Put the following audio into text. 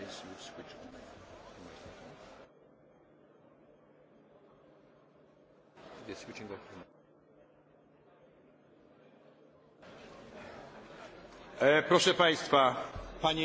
you switch on the microphone. switching off e, Proszę Państwa, Panie i